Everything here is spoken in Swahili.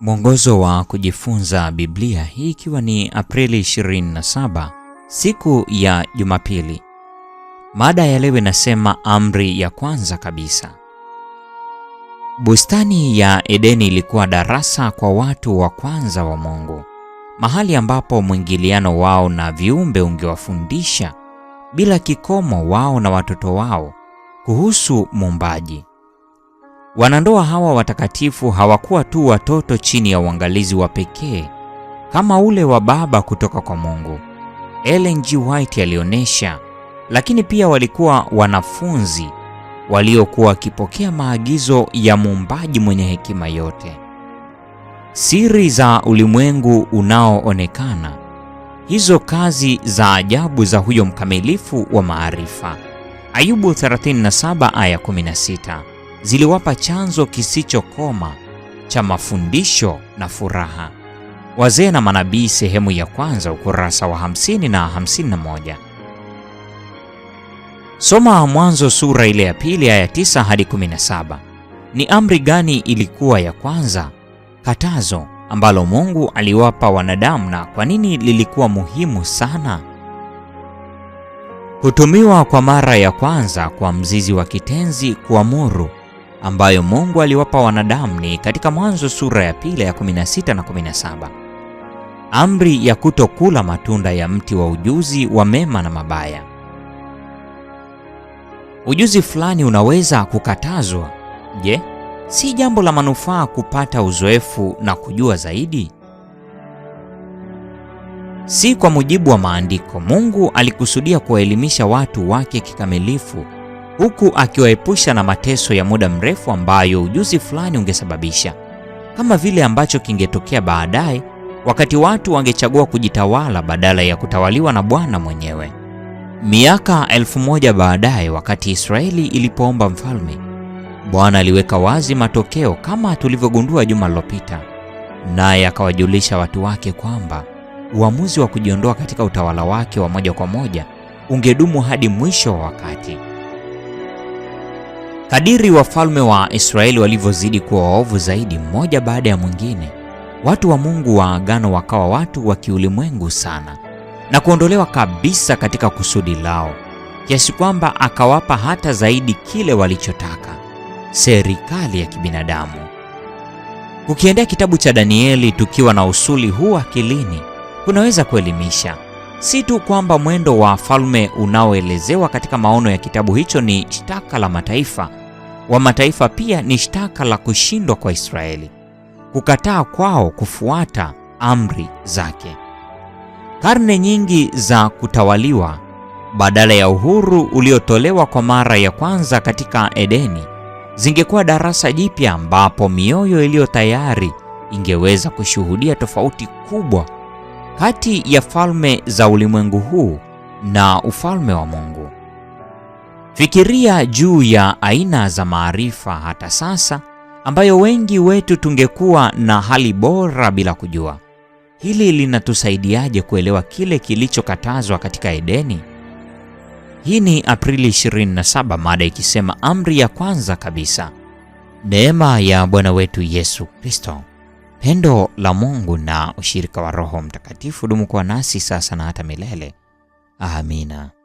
Mwongozo wa kujifunza Biblia, hii ikiwa ni Aprili 27, siku ya Jumapili. Mada ya leo inasema amri ya kwanza kabisa. Bustani ya Edeni ilikuwa darasa kwa watu wa kwanza wa Mungu, mahali ambapo mwingiliano wao na viumbe ungewafundisha bila kikomo wao na watoto wao kuhusu Muumbaji. Wanandoa hawa watakatifu hawakuwa tu watoto chini ya uangalizi wa pekee kama ule wa baba kutoka kwa Mungu Ellen G. White alionyesha, lakini pia walikuwa wanafunzi waliokuwa wakipokea maagizo ya muumbaji mwenye hekima yote. Siri za ulimwengu unaoonekana, hizo kazi za ajabu za huyo mkamilifu wa maarifa. Ayubu 37 aya 16 ziliwapa chanzo kisichokoma cha mafundisho na furaha. Wazee na Manabii sehemu ya kwanza ukurasa wa 50 na 51. Soma Mwanzo sura ile ya pili aya 9 hadi 17. Ni amri gani ilikuwa ya kwanza katazo ambalo Mungu aliwapa wanadamu na kwa nini lilikuwa muhimu sana? Kutumiwa kwa mara ya kwanza kwa mzizi wa kitenzi kuamuru ambayo Mungu aliwapa wanadamu ni katika Mwanzo sura ya pili ya 16 na 17. Amri ya kutokula matunda ya mti wa ujuzi wa mema na mabaya. Ujuzi fulani unaweza kukatazwa. Je, si jambo la manufaa kupata uzoefu na kujua zaidi? Si kwa mujibu wa maandiko, Mungu alikusudia kuwaelimisha watu wake kikamilifu huku akiwaepusha na mateso ya muda mrefu ambayo ujuzi fulani ungesababisha, kama vile ambacho kingetokea baadaye wakati watu wangechagua kujitawala badala ya kutawaliwa na Bwana mwenyewe. Miaka elfu moja baadaye, wakati Israeli ilipoomba mfalme, Bwana aliweka wazi matokeo kama tulivyogundua juma lilopita, naye akawajulisha watu wake kwamba uamuzi wa kujiondoa katika utawala wake wa moja kwa moja ungedumu hadi mwisho wa wakati. Kadiri wafalme wa Israeli walivyozidi kuwa waovu zaidi mmoja baada ya mwingine, watu wa Mungu wa agano wakawa watu wa kiulimwengu sana na kuondolewa kabisa katika kusudi lao, kiasi kwamba akawapa hata zaidi kile walichotaka, serikali ya kibinadamu. Kukiendea kitabu cha Danieli tukiwa na usuli huu akilini kunaweza kuelimisha. Si tu kwamba mwendo wa falme unaoelezewa katika maono ya kitabu hicho ni shtaka la mataifa wa mataifa, pia ni shtaka la kushindwa kwa Israeli, kukataa kwao kufuata amri zake. Karne nyingi za kutawaliwa badala ya uhuru uliotolewa kwa mara ya kwanza katika Edeni zingekuwa darasa jipya ambapo mioyo iliyo tayari ingeweza kushuhudia tofauti kubwa kati ya falme za ulimwengu huu na ufalme wa Mungu. Fikiria juu ya aina za maarifa hata sasa ambayo wengi wetu tungekuwa na hali bora bila kujua. Hili linatusaidiaje kuelewa kile kilichokatazwa katika Edeni? Hii ni Aprili 27, mada ikisema amri ya kwanza kabisa. Neema ya Bwana wetu Yesu Kristo. Pendo la Mungu na ushirika wa Roho Mtakatifu dumu kuwa nasi sasa na hata milele. Amina.